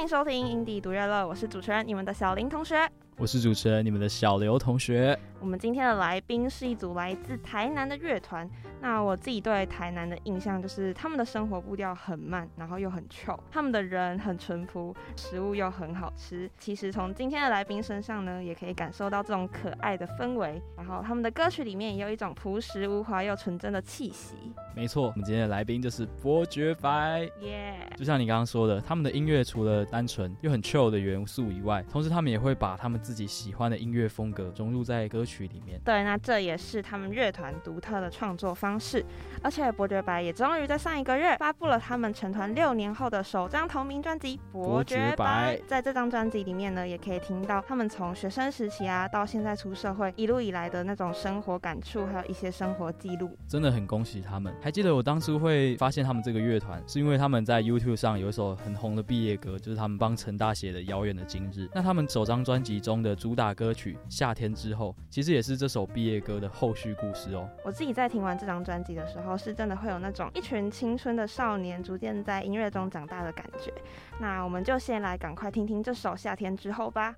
歡迎收聽《indie 獨樂樂》，我是主持人，你們的小林同學；我是主持人，你們的小劉同學。我們今天的來賓是一組來自台南的樂團。那我自己對台南的印象就是他們的生活步調很慢，然後又很 chill。他們的人很淳樸，食物又很好吃。其實從今天的來賓身上呢，也可以感受到這種可愛的氛圍。然後他們的歌曲裡面也有一種樸實無華又純真的氣息。沒錯，我們今天的來賓就是伯爵白，yeah，就像你剛剛說的，他們的音樂除了單純又很 chill 的元素以外，同時他們也會把他們自己喜歡的音樂風格融入在歌曲裡面。對，那這也是他們樂團獨特的創作方方式，而且伯爵白也終於在上一個月發布了他們成團六年後的首張同名專輯《伯爵白》。在這張專輯裡面呢，也可以聽到他們從學生時期啊到現在出社會一路以來的那種生活感觸，還有一些生活記錄。真的很恭喜他們！還記得我當初會發現他們這個樂團，是因為他們在 YouTube 上有一首很紅的畢業歌，就是他們幫成大寫的《遙遠的今日》。那他們首張專輯中的主打歌曲《夏天之後》，其實也是這首畢業歌的後續故事哦。我自己在聽完這張。專輯的時候，是真的會有那種一群青春的少年逐漸在音樂中長大的感覺。那我們就先來趕快聽聽這首《夏天之後》吧。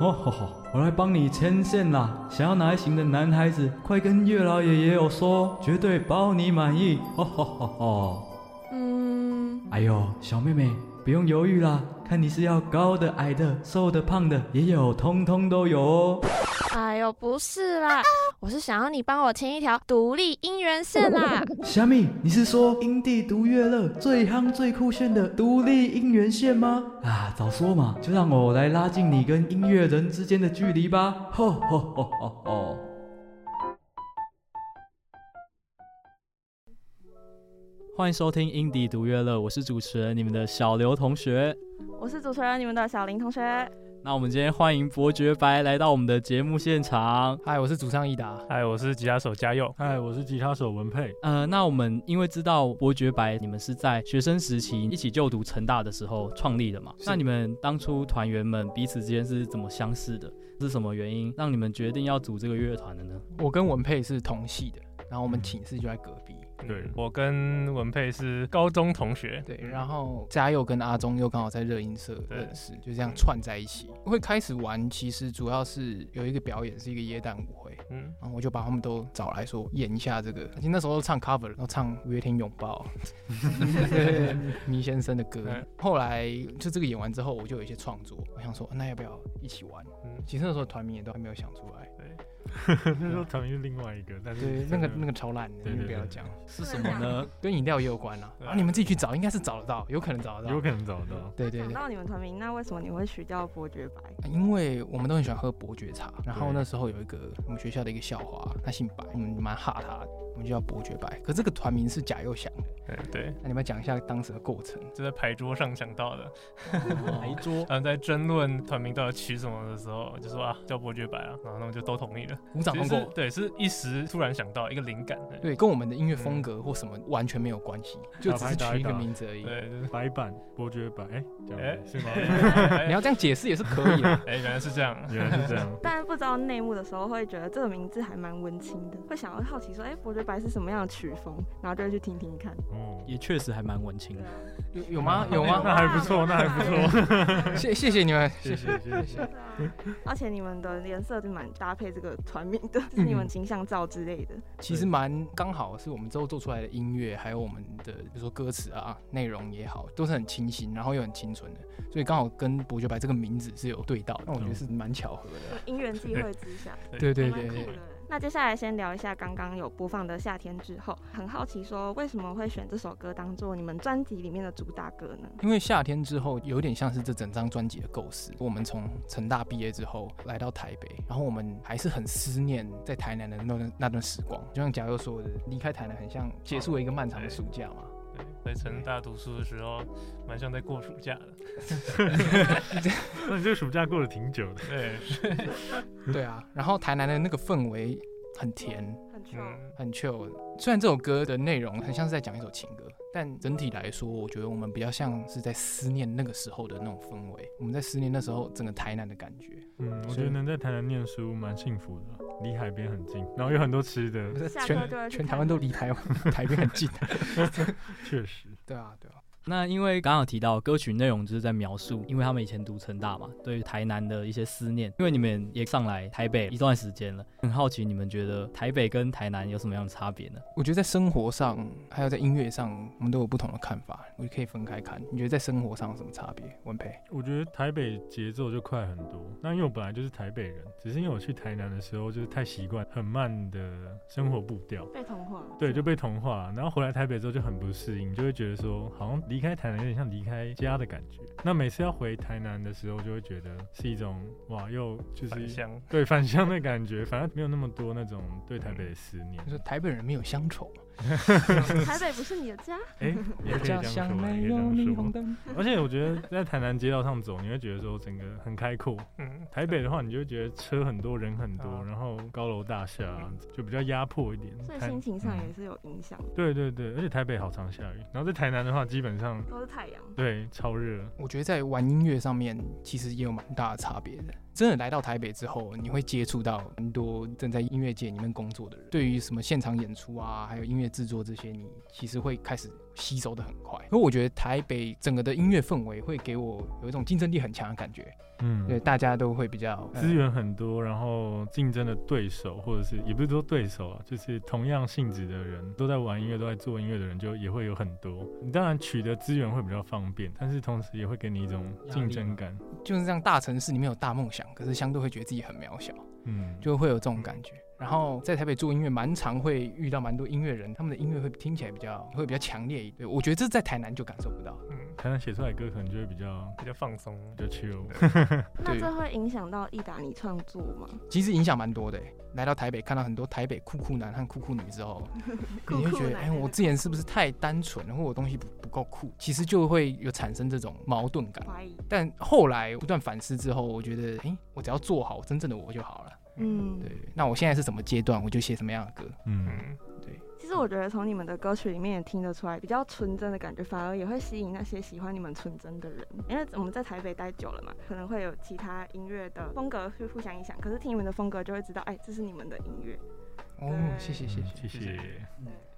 我來幫你牽線啦！想要哪一型的男孩子，快跟月老爺爺有說，絕對包你滿意。嗯、oh, oh,。Oh, oh. mm -hmm. 哎呦，小妹妹，不用猶豫啦，看你是要高的、矮的、瘦的、胖的，也有，通通都有哦。哎呦，不是啦，我是想要你幫我牽一條獨立音源線啦。蝦米？你是說《indie 獨樂樂》最夯最酷炫的獨立音源線嗎？啊，早說嘛，就讓我來拉近你跟音樂人之間的距離吧。哦哦哦哦哦。歡迎收聽《indie 獨樂樂》，我是主持人，你們的小劉同學。我是主持人，你們的小林同學。那我們今天歡迎伯爵白來到我們的節目現場。嗨，我是主唱奕達。嗨，我是吉他手佳祐。嗨，我是吉他手文沛。呃，那我們因為知道伯爵白，你們是在學生時期一起就讀成大的時候創立的嘛？那你們當初團員們彼此之間是怎麼相識的？是什麼原因讓你們決定要組這個樂團的呢？我跟文沛是同系的，然後我們寢室就在隔壁。嗯對、嗯、我跟文沛是高中同學，對，然後佳祐跟阿鍾又剛好在熱音社認識，就這樣串在一起、嗯。會開始玩，其實主要是有一個表演，是一個耶誕舞會，嗯，然後我就把他們都找來說演一下這個。其實那時候唱 cover，然後唱五月天擁抱，米 先生的歌。嗯、後來就這個演完之後，我就有一些創作，我想說、啊、那要不要一起玩？嗯、其實那時候團名也都還沒有想出來。呵呵，那時候團名是另外一個， 但是對那個、那個、那個超爛的，你不要講，是什麼呢？ 跟飲料也有關啦、啊。啊，你們自己去找，應該是找得到，有可能找得到，有可能找得到。對對對。想到你們團名，那為什麼你會取叫伯爵白、啊？因為我們都很喜歡喝伯爵茶。然後那時候有一個我們學校的一個校花，她姓白，我們蠻哈她的，我們就叫伯爵白。可這個團名是佳祐想的。嗯，對。那、啊、你們講一下當時的過程，就在牌桌上想到的，牌 桌。然後在爭論團名到底取什麼的時候， 就說啊，叫伯爵白啊，然後他們就都同意了。鼓掌通過，對，是一時突然想到一個靈感、欸，對，跟我們的音樂風格或什麼完全沒有關係、嗯，就只是取一個名字而已。打打對，就是、白板伯爵白，哎、欸欸，是嗎、欸 欸欸？你要這樣解釋也是可以的。哎、欸，原來是這樣，原來是這樣。但是不知道內幕的時候，會覺得這個名字還蠻文青的，會想要好奇說，哎、欸，伯爵白是什麼樣的曲風，然後就會去聽聽看。嗯，也確實還蠻文青的。有有嗎？有嗎？那還不錯，那還不錯。不哎啊、 謝謝，謝謝你們，謝謝謝謝、啊。而且你們的顏色就蠻搭配這個。團名的是你們形象照之類的，嗯、其實蠻剛好是我們之後做出來的音樂，還有我們的比如說歌詞啊內容也好，都是很清新，然後又很清純的，所以剛好跟伯爵白這個名字是有對到，那、嗯、我覺得是蠻巧合的，因緣際會之下，對對對，對，對。那接下來先聊一下剛剛有播放的《夏天之後》，很好奇說為什麼會選這首歌當做你們專輯裡面的主打歌呢？因為《夏天之後》有點像是這整張專輯的構思。我們從成大畢業之後來到台北，然後我們還是很思念在台南的那段那段時光。就像佳祐說的，離開台南很像結束了一個漫長的暑假嘛。在成大讀書的時候，蠻、嗯、像在過暑假的。 那你這個暑假過得挺久的。對，對啊。然後台南的那個氛圍很甜。嗯，很 chill 雖然這首歌的內容很像是在講一首情歌，但整體來說，我覺得我們比較像是在思念那個時候的那種氛圍。我們在思念那時候整個台南的感覺。嗯，我覺得能在台南念書蠻幸福的，離海邊很近，然後有很多吃的。全全台灣都離台灣，台北很近。確 確實。 對啊，對啊。那因為剛好提到歌曲內容，就是在描述因為他們以前讀成大嘛，對於台南的一些思念。因為你們也上來台北一段時間了，很好奇你們覺得台北跟台南有什麼樣的差別呢？我覺得在生活上還有在音樂上，我們都有不同的看法，我可以分開看。你覺得在生活上有什麼差別？文沛，我覺得台北節奏就快很多。那因為我本來就是台北人，只是因為我去台南的時候就是太習慣很慢的生活步調，被同化。對，就被同化了。然後回來台北之後就很不適應，就會覺得說好像離。離開台南有點像離開家的感覺，那每次要回台南的時候，就會覺得是一種哇，又就是返，對，返鄉的感覺，反而沒有那麼多那種對台北的思念。嗯，就是台北人沒有鄉愁。 台北不是你的家，哎、欸，也可以這樣說，也可以這樣說 而且我覺得在台南街道上走，你會覺得說整個很開闊。嗯，台北的話，你就會覺得車很多、人很多，嗯、然後高樓大廈就比較壓迫一點。所以心情上也是有影響、嗯、對對對，而且台北好常下雨，然後在台南的話，基本上都是太陽。對，超熱。我覺得在玩音樂上面，其實也有蠻大的差別的。真的來到台北之後，你會接觸到很多正在音樂界裡面工作的人。對於什麼現場演出啊，還有音樂制作這些，你其實會開始。吸收的很快，因為我覺得台北整個的音樂氛圍會給我有一種競爭力很強的感覺。嗯，對，大家都會比較資、嗯、源很多，然後競爭的對手，或者是也不是說對手啊，就是同樣性質的人都在玩音樂、都在做音樂的人，就也會有很多。你當然取得資源會比較方便，但是同時也會給你一種競爭感。就是這樣，大城市裡面有大夢想，可是相對會覺得自己很渺小。嗯，就會有這種感覺。嗯然後在台北做音樂，蠻常會遇到蠻多音樂人，他們的音樂會聽起來比較會比較強烈一點。我覺得這在台南就感受不到。嗯，台南寫出來的歌可能就會比較比較放鬆，比較 chill。 那這會影響到奕達你創作嗎？其實影響蠻多的。來到台北，看到很多台北酷酷男和酷酷女之後，你 會覺得哎、欸，我之前是不是太單純，然後我東西不不夠酷？其實就會有產生這種矛盾感。懷疑。但後來不斷反思之後，我覺得哎、欸，我只要做好真正的我就好了。嗯，對。那我現在是什麼階段，我就寫什麼樣的歌。嗯，對。其實我覺得從你們的歌曲裡面也聽得出來，比較純真的感覺，反而也會吸引那些喜歡你們純真的人。因為我們在台北待久了嘛，可能會有其他音樂的風格去互相影響。可是聽你們的風格，就會知道，哎，這是你們的音樂。哦，謝謝，謝謝，謝謝。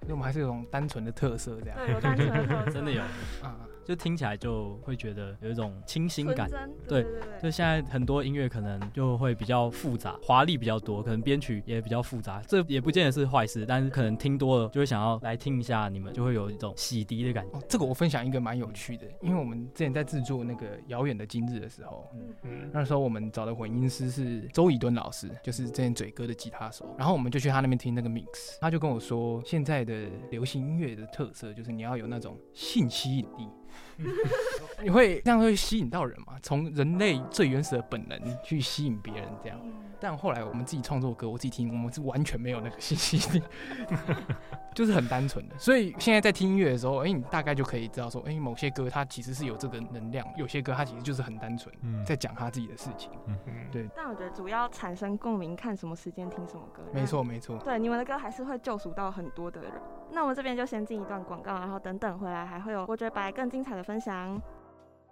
因為我們還是有種單純的特色，這樣。對，有單純的特色， 真的有啊。就聽起來就會覺得有一種清新感，對，對，對，對，對，就現在很多音樂可能就會比較複雜、華麗比較多，可能編曲也比較複雜，這也不見得是壞事，但是可能聽多了就會想要來聽一下，你們就會有一種洗滌的感覺。哦，這個我分享一個蠻有趣的，因為我們之前在制作那個《遙遠的今日》的時候。嗯，那時候我們找的混音師是周以敦老師，就是之前嘴哥的吉他手，然後我們就去他那邊聽那個 mix，他就跟我說，現在的流行音樂的特色就是你要有那種性吸引力。 你會這樣會吸引到人嗎？從人類最原始的本能去吸引別人，這樣。但後來我們自己創作歌，我自己聽，我們是完全沒有那個信息的 就是很單純的。所以現在在聽音樂的時候，哎、欸，你大概就可以知道說，哎、欸，某些歌它其實是有這個能量，有些歌它其實就是很單純、嗯，在講他自己的事情。嗯，對。但我覺得主要產生共鳴，看什麼時間聽什麼歌。沒錯，沒錯。對，你們的歌還是會救贖到很多的人。那我們這邊就先進一段廣告，然後等等回來還會有，伯爵白更精彩的分享。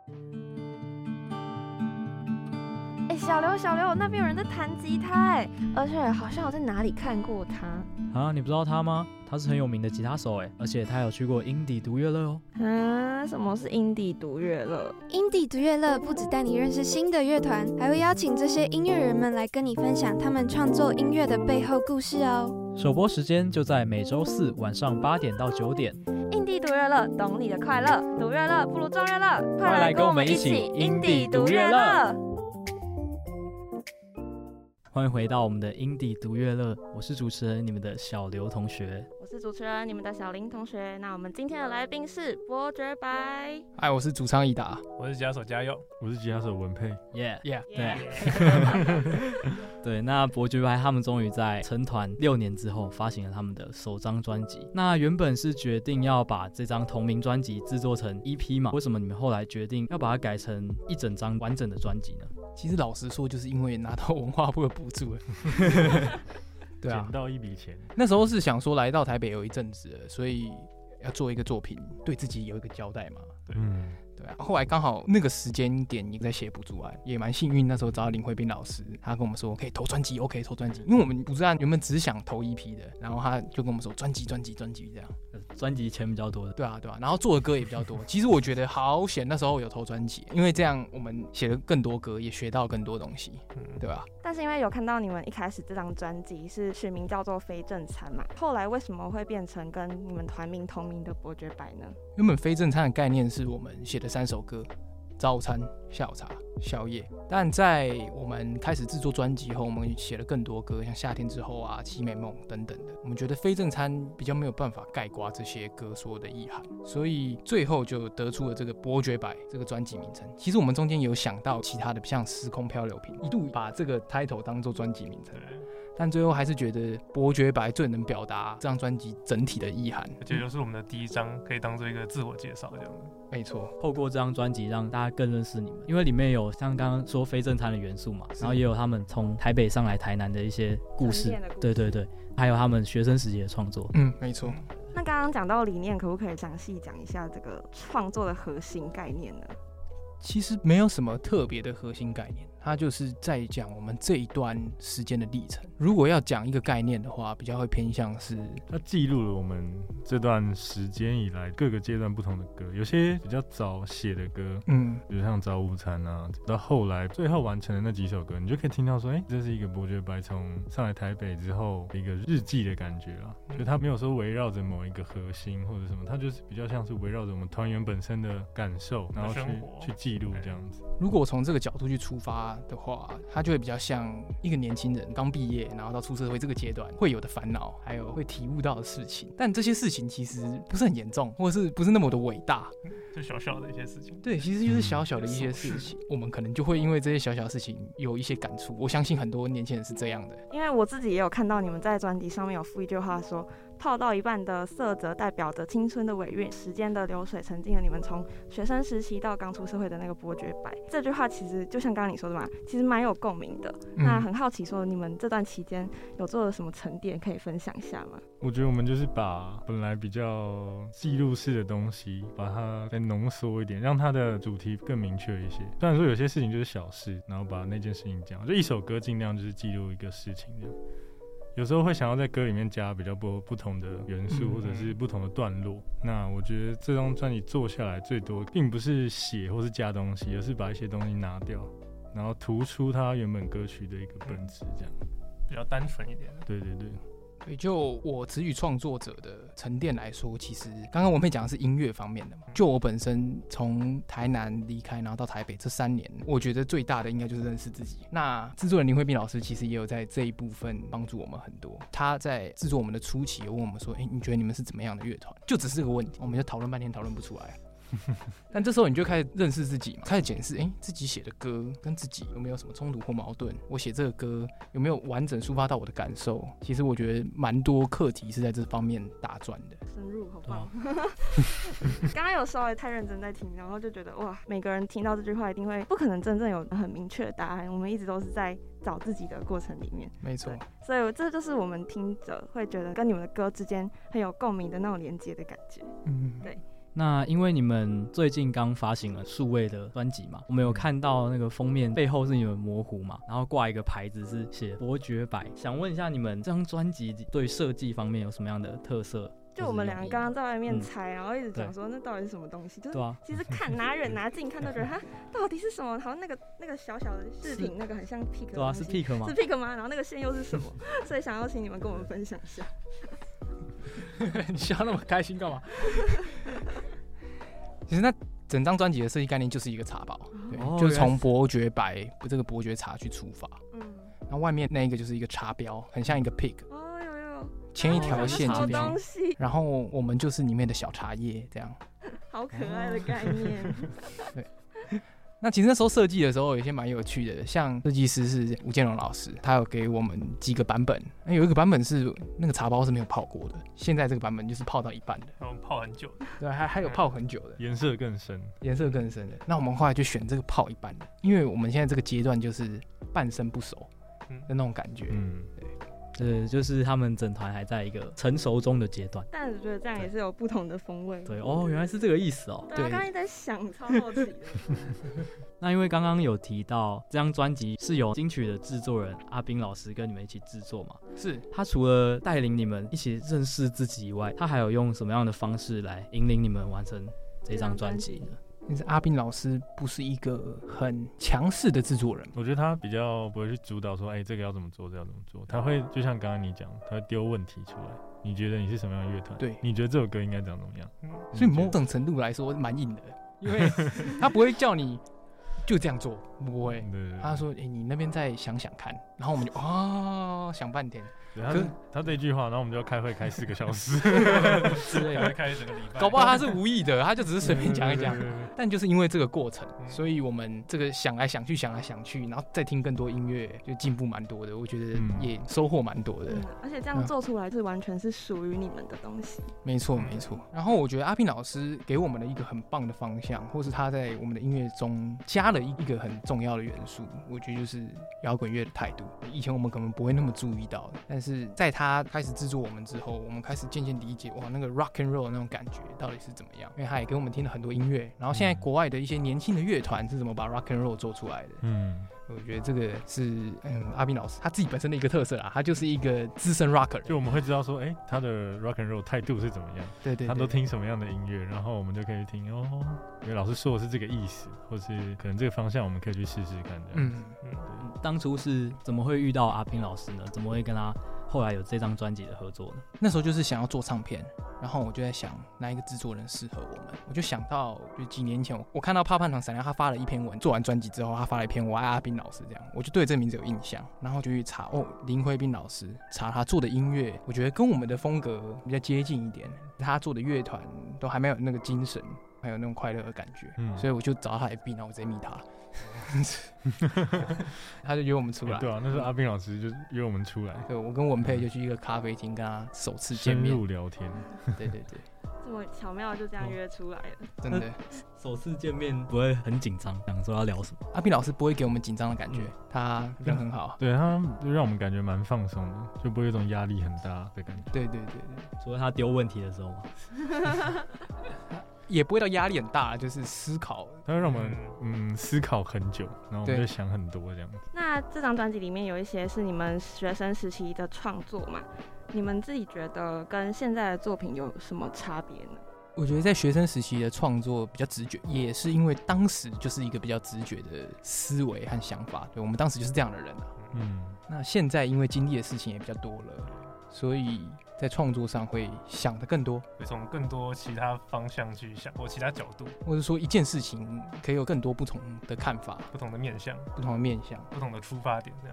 嗯小劉，小劉，那邊有人在彈吉他、欸，哎，而且好像我在哪裡看過他。啊，你不知道他嗎？他是很有名的吉他手、欸，哎，而且他有去過 indie 獨樂樂哦。啊，什麼是 indie 獨樂樂？indie 獨樂樂不只帶你認識新的樂團，還會邀請這些音樂人們來跟你分享他們創作音樂的背後故事哦。首播時間就在每周四晚上八點到九點。indie 獨樂樂，懂你的快樂。獨樂樂不如眾樂樂，快來跟我們一起 indie 獨樂樂。歡迎回到我們的 indie 獨樂樂，我是主持人你們的小劉同學，我是主持人你們的小林同學。那我們今天的來賓是伯爵白，嗨，我是主唱奕達，我是吉他手佳祐，我是吉他手文沛，耶耶，對，對。那伯爵白他們終於在成團六年之後發行了他們的首張專輯。那原本是決定要把這張同名專輯製作成 EP 嘛，為什麼你們後來決定要把它改成一整張完整的專輯呢？其實老實說，就是因為拿到文化部的補助， 對啊，拿到一筆錢。那時候是想說，來到台北有一陣子，所以要做一個作品，對自己有一個交代嘛。嗯。對啊，後來剛好那個時間點你在寫、啊《不阻啊也蠻幸運。那時候找到林揮斌老師，他跟我們說可以投專輯，OK，投專輯。因為我們不知道原本只想投一批的，然後他就跟我們說專輯，專輯，專輯這樣。專輯錢比較多的，對啊，對啊，然後做的歌也比較多。 其實我覺得好險，那時候有投專輯，因為這樣我們寫了更多歌，也學到更多東西，對吧、啊？但是因為有看到你們一開始這張專輯是取名叫做《非正餐》嘛，後來為什麼會變成跟你們團名同名的《伯爵白》呢？原本《非正餐》的概念是我們寫的。三首歌，早餐、下午茶、宵夜。但在我們開始制作專輯後，我們寫了更多歌，像夏天之後啊、七美夢等等的。我們覺得非正餐比較沒有辦法概括這些歌所有的意涵，所以最後就得出了這個伯爵白這個專輯名稱。其實我們中間有想到其他的，像時空漂流瓶，一度把這個 title 當做專輯名稱。嗯.但最後還是覺得伯爵白最能表達這張專輯整體的意涵。我覺得就是我們的第一張，可以當做一個自我介紹這樣、嗯。沒錯，透過這張專輯讓大家更認識你們，因為裡面有像剛剛說非正餐的元素嘛，然後也有他們從台北上來台南的一些故事，的故事。對對對，還有他們學生時期的創作。嗯，沒錯。那剛剛講到理念，可不可以詳細講一下這個創作的核心概念呢？其實沒有什麼特別的核心概念。他就是在講我們這一段時間的歷程。如果要講一個概念的話，比較會偏向是，他記錄了我們這段時間以來各個階段不同的歌。有些比較早寫的歌，嗯，比如像早午餐啊，到後來最後完成的那幾首歌，你就可以聽到說，哎，這是一個伯爵白從上來台北之後一個日記的感覺啊。就他沒有說圍繞着某一個核心或者什麼，他就是比較像是圍繞着我們團員本身的感受，然後去去記錄這樣子。如果從這個角度去出發。的話，他就會比較像一個年輕人剛畢業，然後到出社會這個階段會有的煩惱，還有會體悟到的事情。但這些事情其實不是很嚴重，或者是不是那麼的偉大，就小小的一些事情。對，其實就是小小的一些事情，嗯，我們可能就會因為這些小小的事情有一些感觸。我相信很多年輕人是這樣的，因為我自己也有看到你們在專輯上面有附一句話說。泡到一半的色澤代表着青春的尾韻，時間的流水沉浸了你們從學生時期到剛出社會的那個伯爵白。這句話其實就像剛剛你說的嘛，其實蠻有共鳴的。嗯、那很好奇，說你們這段期間有做了什麼沉澱，可以分享一下嗎？我覺得我們就是把本來比較記錄式的東西，把它再濃縮一點，讓它的主題更明確一些。雖然說有些事情就是小事，然後把那件事情講，就一首歌盡量就是記錄一個事情這樣。有時候會想要在歌裡面加比較多不同的元素，或者是不同的段落。嗯嗯、那我覺得這張專輯做下來最多，並不是寫或是加東西，而、嗯、是把一些東西拿掉，然後突出它原本歌曲的一個本質，這樣、嗯、比較單純一點。對對對。也就我詞語創作者的沉澱來說，其實剛剛文沛講的是音樂方面的嘛。就我本身從台南離開，然後到台北這三年，我覺得最大的應該就是認識自己。那制作人林揮斌老師其實也有在這一部分幫助我們很多。他在制作我們的初期，有問我們說：“誒、欸，你覺得你們是怎麼樣的樂團？”就只是個問題，我們就討論半天，討論不出來。 但這時候你就開始認識自己嘛，開始檢視，哎、欸，自己寫的歌跟自己有沒有什麼衝突或矛盾？我寫這個歌有沒有完整抒發到我的感受？其實我覺得蠻多課題是在這方面打轉的，深入好不好？剛剛 有稍微太認真在聽，然後就覺得哇，每個人聽到這句話一定會不可能真正有很明確的答案。我們一直都是在找自己的過程裡面，沒錯。所以這就是我們聽者會覺得跟你們的歌之間很有共鳴的那種連接的感覺。嗯，對。那因為你們最近剛發行了數位的專輯嘛，我們有看到那個封面背後是你們模糊嘛，然後掛一個牌子是寫伯爵白，想問一下你們這張專輯對設計方面有什麼樣的特色是？就我們兩個剛剛在外面猜，嗯，然後一直講說那到底是什麼東西？對啊，就是、其實看拿遠拿近看到覺得它到底是什麼？好像那個那個小小的飾品，那個很像 pick，對啊，是 pick 嗎？是 pick 嗎？然後那個線又是，是什麼？所以想要請你們跟我們分享一下。 你笑那麼開心幹嘛？ 其實那整張專輯的設計概念就是一個茶包，對，哦、就是從伯爵白這個伯爵茶去出發，嗯，那外面那一個就是一個茶標，很像一個 pick，哦有有，牽一條線這邊、哦，然後我們就是裡面的小茶葉這樣，好可愛的概念，哦 那其實那時候設計的時候有些蠻有趣的，像設計師是吳建榮老師，他有給我們幾個版本，欸、有一個版本是那個茶包是沒有泡過的，現在這個版本就是泡到一半的，嗯、泡很久的，對，還還有泡很久的，嗯、顏色更深，顏色更深的，那我們後來就選這個泡一半的，因為我們現在這個階段就是半生不熟的那種感覺，嗯，對。呃，就是他們整團還在一個成熟中的階段，但是我覺得這樣也是有不同的風味。對。對，哦，原來是這個意思哦。對，我、啊、剛才在想超好奇的。 那因為剛剛有提到這張專輯是由金曲的制作人阿斌老師跟你們一起制作嘛？嗯、是他除了帶領你們一起認識自己以外，他還有用什麼樣的方式來引領你們完成這張專輯呢？但是阿賓老師不是一個很強勢的制作人，我覺得他比較不會去主導說，哎、欸，這個要怎麼做，這個、要怎麼做，他會就像剛剛你講，他會丟問題出來。你覺得你是什麼樣的樂團？對，你覺得這首歌應該長怎麼樣，嗯？所以某種程度來說蠻硬的，因為他不會叫你就這樣做， 不會，對對對他會說，哎、欸，你那邊再想想看，然後我們就啊、哦、 想半天。對，他他這一句話，然後我們就要開會開四個小時 對 開開一個禮拜，搞不好他是無意的， 他就只是隨便講一講。對對對對，但就是因為這個過程、嗯，所以我們這個想來想去，想來想去，然後再聽更多音樂，就進步蠻多的。我覺得也收穫蠻多的、嗯嗯。而且這樣做出來是完全是屬於你們的東西。嗯、沒錯沒錯。然後我覺得阿斌老師給我們的一個很棒的方向，或是他在我們的音樂中加了一一個很重要的元素，我覺得就是搖滾樂的態度。以前我們可能不會那麼注意到，但但是在他開始制作我們之後，我們開始漸漸理解哇，那個 rock and roll 的那種感覺到底是怎麼樣。因為他也給我們聽了很多音樂，然後現在國外的一些年輕的樂團是怎麼把 rock and roll 做出來的。嗯。嗯我覺得這個是嗯，阿斌老師他自己本身的一個特色啊。他就是一個資深 rocker，就我們會知道說，哎、欸，他的 rock and roll 態度是怎麼樣？對對、對，他都聽什麼樣的音樂，然後我們就可以聽，哦，因為老師說的是這個意思，或是可能這個方向我們可以去試試看的。嗯嗯，當初是怎麼會遇到阿斌老師呢？怎麼會跟他？後來有這張專輯的合作，那時候就是想要做唱片，然後我就在想哪一個製作人適合我們，我就想到就幾年前我，我看到怕胖團閃亮他發了一篇文，做完專輯之後他發了一篇我愛阿斌老師這樣，我就對這名字有印象，然後就去查哦，林揮斌老師，查他做的音樂，我覺得跟我們的風格比較接近一點，他做的樂團都還沒有那個精神，還有那種快樂的感覺，嗯，所以我就找他來 FB，然後我直接密他。 他就約我們出來，欸、對啊，那時候阿斌老師就約我們出來對。對，我跟文沛就去一個咖啡廳跟他首次見面，深入聊天。對對對，這麼巧妙就這樣約出來了，真的。首次見面不會很緊張，想說要聊什麼？阿斌老師不會給我們緊張的感覺，嗯、他人很好，對，他就讓我們感覺蠻放鬆的，就不會有一種壓力很大的感覺。對對對對，除了他丟問題的時候。 也不會到壓力很大，就是思考，它會讓我們嗯、嗯思考很久，然後我們就想很多這樣子。那這張專輯裡面有一些是你們學生時期的創作嘛？你們自己覺得跟現在的作品有什麼差別呢？我覺得在學生時期的創作比較直覺，嗯，也是因為當時就是一個比較直覺的思維和想法，對我們當時就是這樣的人啊。嗯，那現在因為經歷的事情也比較多了，所以。在創作上會想得更多，會從更多其他方向去想，或其他角度，或者說一件事情可以有更多不同的看法、不同的面向、不同的面向、不同的出發點這樣。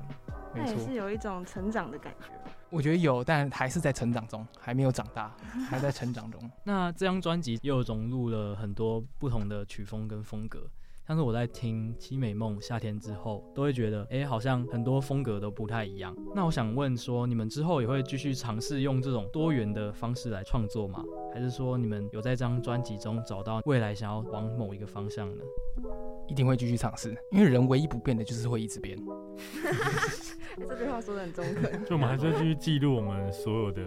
那也是有一種成長的感覺。 我覺得有，但還是在成長中，還沒有長大，還在成長中。 那這張專輯又融入了很多不同的曲風跟風格。但是我在聽《淒美夢》、夏天之後，都會覺得，哎、欸，好像很多風格都不太一樣。那我想問說，你們之後也會繼續嘗試用這種多元的方式來創作嗎？還是說你們有在這張專輯中找到未來想要往某一個方向呢？一定會繼續嘗試，因為人唯一不變的就是會一直變。 這句話說得很中肯， 就我們還是會繼續記錄我們所有的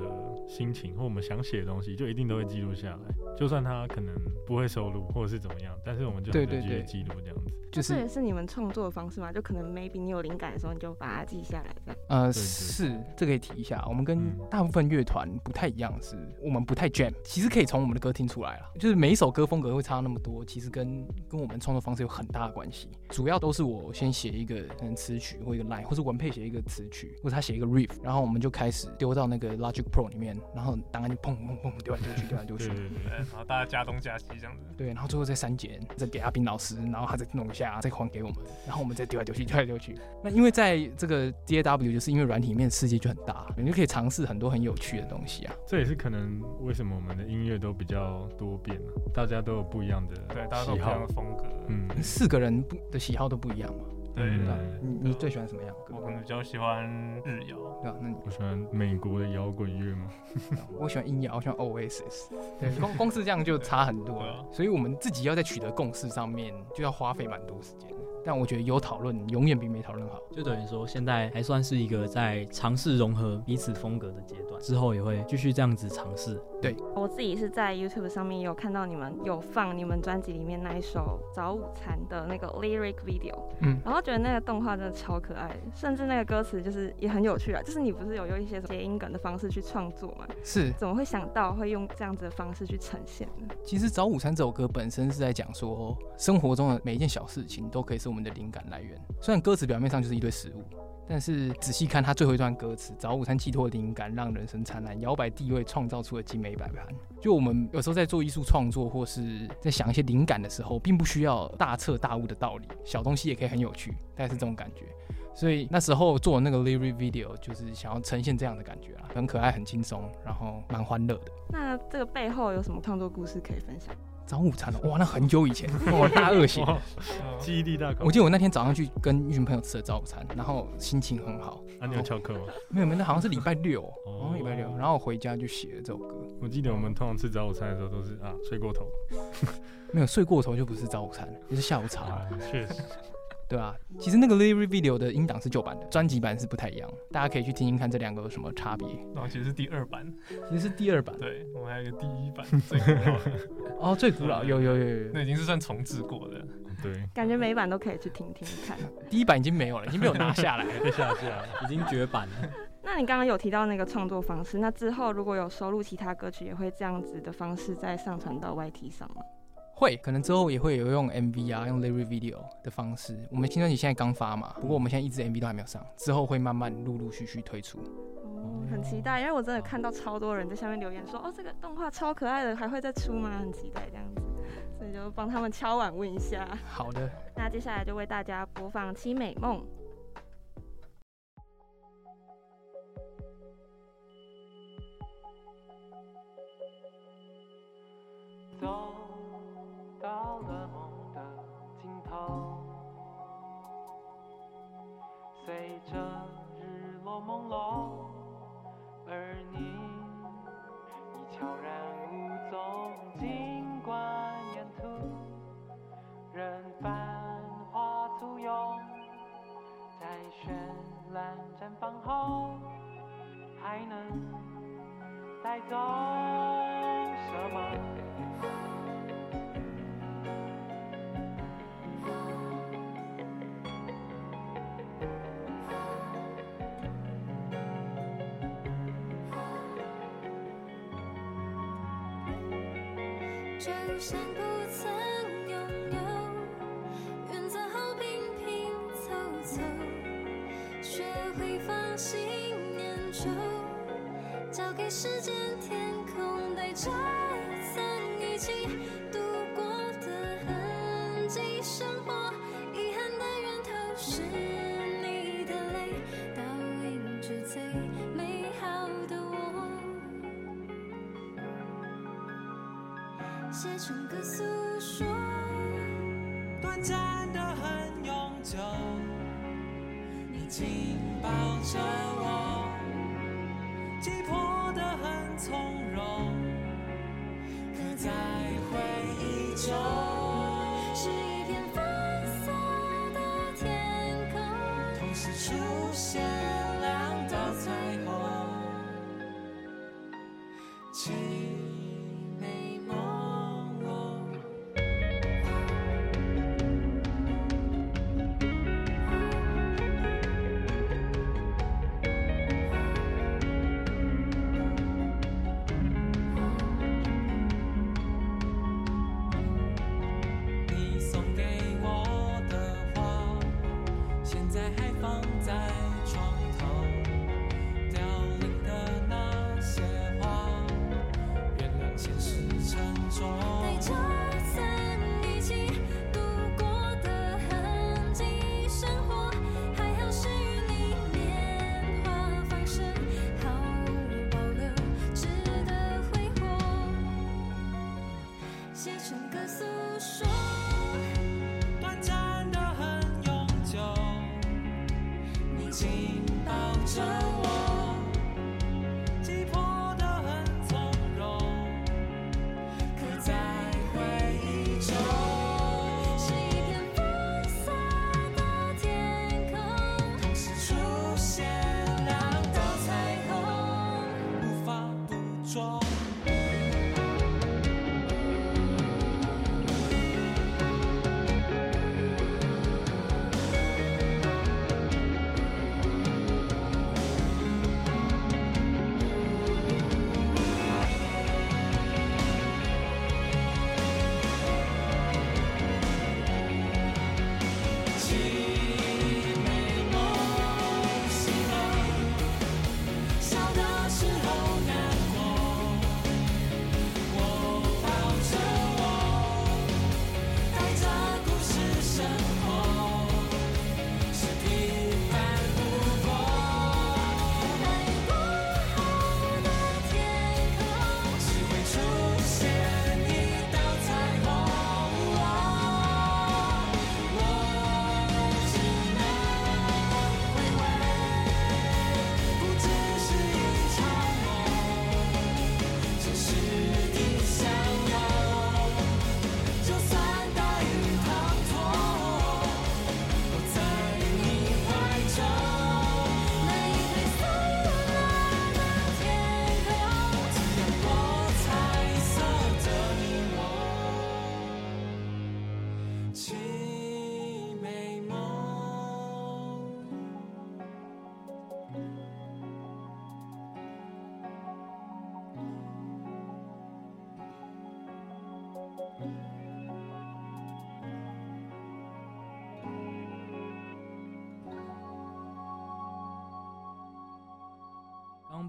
心情或我們想寫的東西，就一定都會記錄下來，就算他可能不會收錄或者是怎麼樣，但是我們就直接對對對，記錄這樣子。就是這、就、也、是、是你們創作的方式嗎？就可能 maybe 你有靈感的時候，你就把它記下來。是是呃，對對對是，這可以提一下，我們跟大部分樂團不太一樣是，是我們不太 jam，其實可以從我們的歌聽出來啦，就是每一首歌風格會差那麼多，其實跟跟我們創作方式有很大的關係，主要都是我先寫一個詞曲或一個 line 或者文沛寫。一個詞曲，或者他寫一個 riff，然後我們就開始丟到那個 Logic Pro 裡面，然後當然就砰砰砰丟來丟去，丟來丟去， 對對對 然後大家加東加西這樣子。對，然後最後再刪減，再給阿斌老師，然後他再弄一下，再還給我們，然後我們再丟來丟去，丟 來丟去。那因為在這個 DAW，就是因為軟體裡面的世界就很大，你就可以嘗試很多很有趣的東西啊。這也是可能為什麼我們的音樂都比較多變啊，大家都有不一樣的對，大家都有不一樣的、的風格。嗯，四個人不的喜好都不一樣嘛、啊。對、嗯、你你最喜歡什麼樣，歌？對對對對什麼樣歌。我可能比較喜歡日搖、嗯。對吧？那你，我喜歡美國的搖滾樂嘛 我喜歡英搖，我喜歡 Oasis。對，光，光是這樣就差很多了，對對對對，所以我們自己要在取得共識上面就要花費蠻多時間。但我覺得有討論永遠比沒討論好。就等於說，現在還算是一個在嘗試融合彼此風格的階段，之後也會繼續這樣子嘗試。對，我自己是在 YouTube 上面有看到你們有放你們專輯裡面那一首《早午餐》的那個 lyric video，嗯，然後覺得那個動畫真的超可愛，甚至那個歌詞就是也很有趣啊。就是你不是有用一些諧音梗的方式去創作嘛？是，怎麼會想到會用這樣子的方式去呈現呢？其實《早午餐》這首歌本身是在講說，生活中的每一件小事情都可以是我們的靈感來源，雖然歌詞表面上就是一堆食物。但是仔細看他最後一段歌詞，早午餐寄託的靈感，讓人生燦爛，搖擺地位創造出的精美擺盤。就我們有時候在做藝術創作，或是在想一些靈感的時候，並不需要大徹大悟的道理，小東西也可以很有趣，大概是這種感覺。所以那時候做的那個 lyric video，就是想要呈現這樣的感覺啊，很可愛、很輕鬆，然後蠻歡樂的。那這個背後有什麼創作故事可以分享？早午餐、喔、哇！那很久以前，我、 喔、大惡心記憶力大。 我記得我那天早上去跟一群朋友吃了早午餐，然後心情很好。那你有翹課嗎？沒有，沒有。那好像是禮拜六，哦，禮拜六。然後我回家就寫了這首歌。我記得我們通常吃早午餐的時候都是啊睡過頭， 沒有睡過頭就不是早午餐，就 是下午茶。確、啊、 實。對啊，其實那個 Live Video 的音檔是舊版的，專輯版是不太一樣，大家可以去聽聽看這兩個有什麼差別，哦。其實是第二版，其實是第二版，對，我們還有個第一版 哦，最古老、哦、有有有有，那已經是算重製過的。對，感覺每一版都可以去聽聽看。 第一版已經沒有了，已經沒有拿下來 下下了，對，是已經絕版了。那你剛剛有提到那個創作方式，那之後如果有收錄其他歌曲，也會這樣子的方式再上傳到 YT 上嗎？會，可能之後也會有用 MV 啊，用 lyric video 的方式。我們聽說你現在剛發嘛，不過我們現在一支 MV 都還沒有上，之後會慢慢陸陸續續推出。哦，很期待，因為我真的看到超多人在下面留言說，哦，這個動畫超可愛的，還會再出嗎？很期待這樣子，所以就幫他們敲碗問一下。好的，那接下來就為大家播放《七美夢》。Go。到了夢的盡頭，隨着日落朦朧，而你已悄然無蹤。儘管沿途任繁花簇擁，在絢爛綻放後，還能帶走。就像不曾擁有，遠走後拼拼湊湊，學會放心念舊，交給時間天空，帶着曾一起度過的痕跡生活，遺憾的源頭是。寫成歌訴說，短暫的很永久。你緊抱着我，急迫得很從容。刻在回憶中。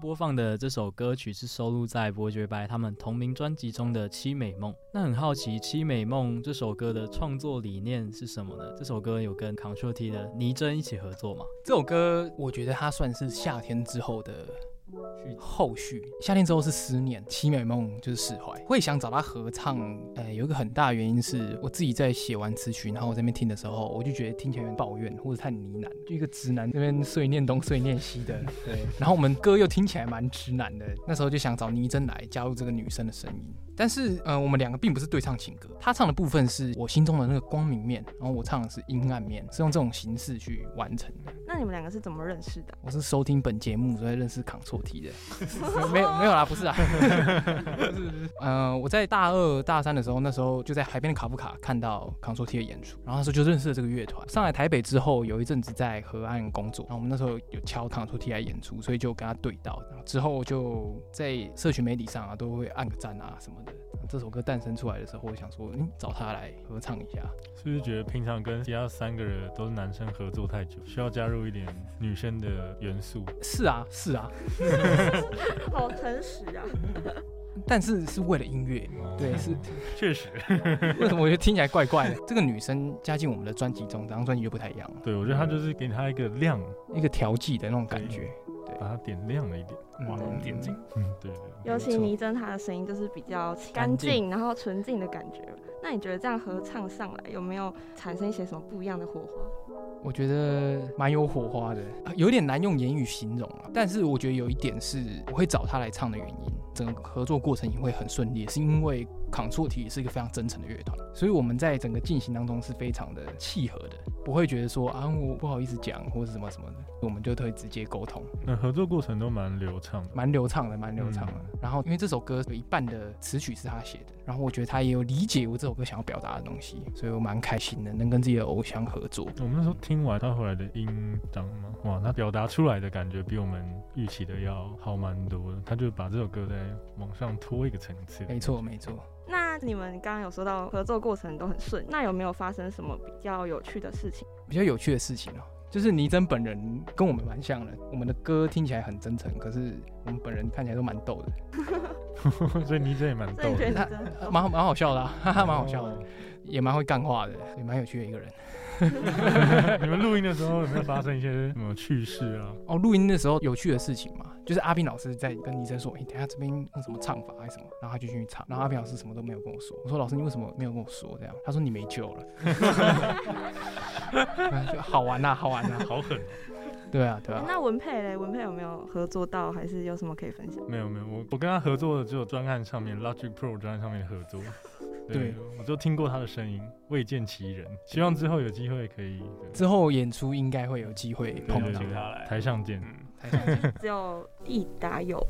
播放的這首歌曲是收錄在伯爵白他們同名專輯中的《七美夢》。那很好奇，《七美夢》這首歌的創作理念是什麼呢？這首歌有跟 Control T 的倪真一起合作嗎？這首歌我覺得它算是夏天之後的。後續，夏天之後是思念，淒美夢就是釋懷。會想找他合唱，呃，有一個很大原因是我自己在寫完詞曲，然後我在那邊聽的時候，我就覺得聽起來有點抱怨或者太呢喃，就一個直男那邊碎念東碎念西的。對。然後我們歌又聽起來蠻直男的，那時候就想找倪珍來加入這個女生的聲音。但是，嗯，我們兩個並不是對唱情歌，他唱的部分是我心中的那個光明面，然後我唱的是陰暗面，是用這種形式去完成。那你們兩個是怎麼認識的？我是收聽本節目，所以認識扛錯題的。 沒沒有啦，不是啊，嗯、 呃，我在大二大三的時候，那時候就在海邊的卡夫卡看到 Control T 的演出，然後那時候就認識了這個樂團。上來台北之後，有一陣子在河岸工作，然後我們那時候有敲 Control T 來演出，所以就跟他對到。然後之後就在社群媒體上啊，都會按個讚啊什麼的。這首歌誕生出來的時候，我想說，嗯，找他來合唱一下，是不是覺得平常跟其他三個人都是男生合作太久，需要加入一點女生的元素？是啊，是啊，好誠實啊！但是是為了音樂，嗯、對，是確實。 為什麼我覺得聽起來怪怪的？ 這個女生加進我們的專輯中，然後專輯就不太一樣了。對，我覺得她就是給她一個量、嗯、一個調劑的那種感覺。把它點亮了一點，哇、嗯，畫龍點睛。嗯，對，對，對。尤其倪珍她的聲音就是比較乾淨，然後純淨的感覺。那你覺得這樣合唱上來有沒有產生一些什麼不一樣的火花？我覺得蠻有火花的、呃，有點難用言語形容啊。但是我覺得有一點是我會找他來唱的原因，整個合作過程也會很順利，是因為。抗錯題是一個非常真誠的樂團，所以我們在整個進行當中是非常的契合的，不會覺得說啊，我不好意思講或者什麼什麼的，我們就可以直接溝通。那、嗯、合作過程都蠻流暢的，蠻流暢的，蠻流暢的、嗯。然後因為這首歌有一半的詞曲是他寫的，然後我覺得他也有理解我這首歌想要表達的東西，所以我蠻開心的，能跟自己的偶像合作。我們那時候聽完他回來的音檔嗎？哇，他表達出來的感覺比我們預期的要好蠻多的，他就把這首歌再往上拖一個層次。沒錯，沒錯。那你們剛剛有說到合作過程都很順，那有沒有發生什麼比較有趣的事情？比較有趣的事情哦、喔，就是倪真本人跟我們蠻像的，我們的歌聽起來很真誠，可是我們本人看起來都蠻逗的， 所以倪真也蠻逗的， 他、啊、蠻、蠻好笑的、啊，哈哈，蠻好笑的，也蠻會幹話的，也蠻有趣的一個人。 你們錄音的時候有沒有發生一些什麼趣事啊？哦，錄音的時候有趣的事情嘛，就是阿斌老師在跟奕達說，你、欸、等下這邊用什麼唱法還是什麼，然後他就去唱，然後阿斌老師什麼都沒有跟我說，我說老師你為什麼沒有跟我說這樣？他說你沒救了， 好玩吶、啊，好玩吶、啊，好狠，對啊對啊。欸、那文沛嘞，文沛有沒有合作到，還是有什麼可以分享？沒有沒有，我我跟他合作的只有專案上面，Logic Pro 專案上面合作。對，對，我就聽過他的聲音，未見其人，希望之後有機會可以。之後演出應該會有機會碰到他來，台上見。嗯、台上見台上見。 只有奕達有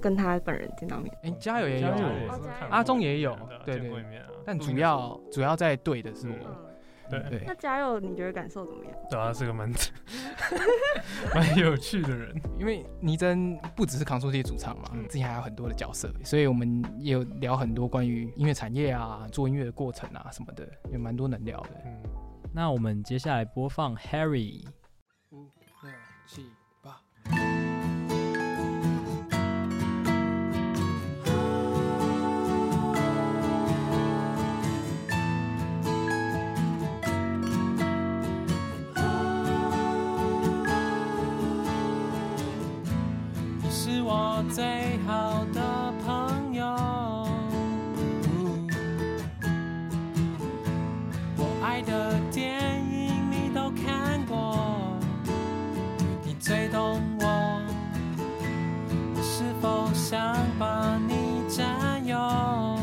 跟他本人見到面，哎、 欸，佳祐也有、喔，阿鍾也有，喔、對對，對、啊，但主要主要在對的是我。對對，那佳祐你覺得感受怎麼樣？對他、啊、是個蠻 蠻有趣的人， 因為倪真不只是扛蘇弟主唱嘛、嗯，之前還有很多的角色，所以我們也有聊很多關於音樂產業啊、做音樂的過程啊什麼的，也蠻多能聊的。嗯、那我們接下來播放 Harry。嗯嗯七我最好的朋友，哦，我愛的電影你都看過，你最懂我，我是否想把你占有，哦，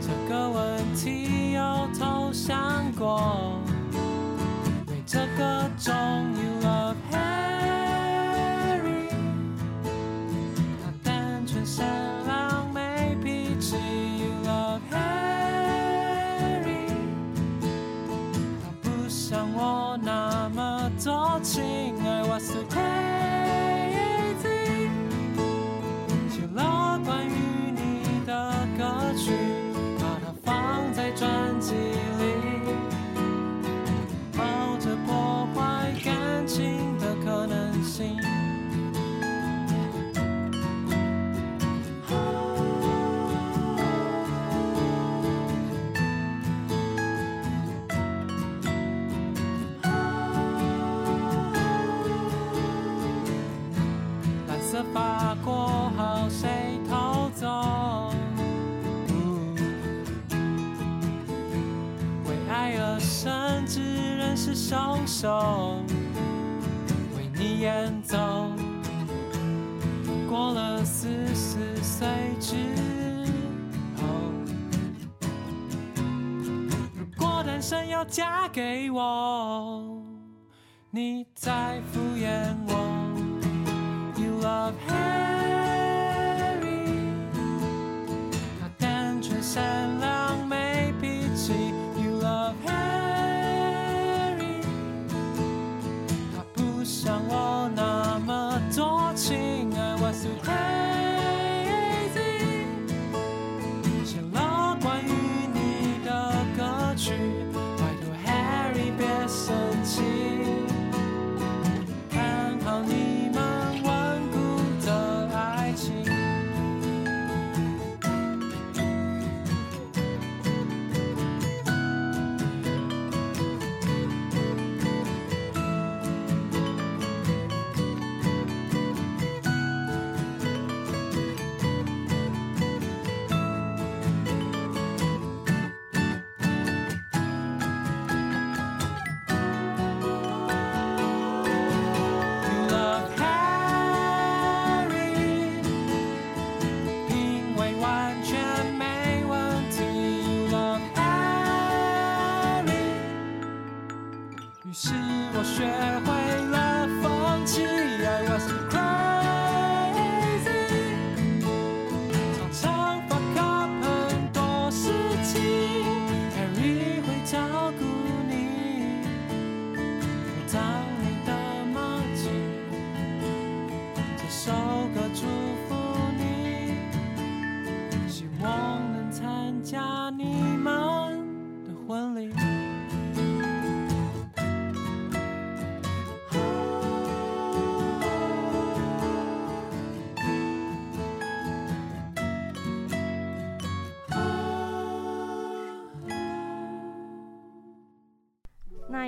這個問題有偷想過，為這個鍾。雙手為你演奏，過了四十歲之後，如果單身要嫁給我，你在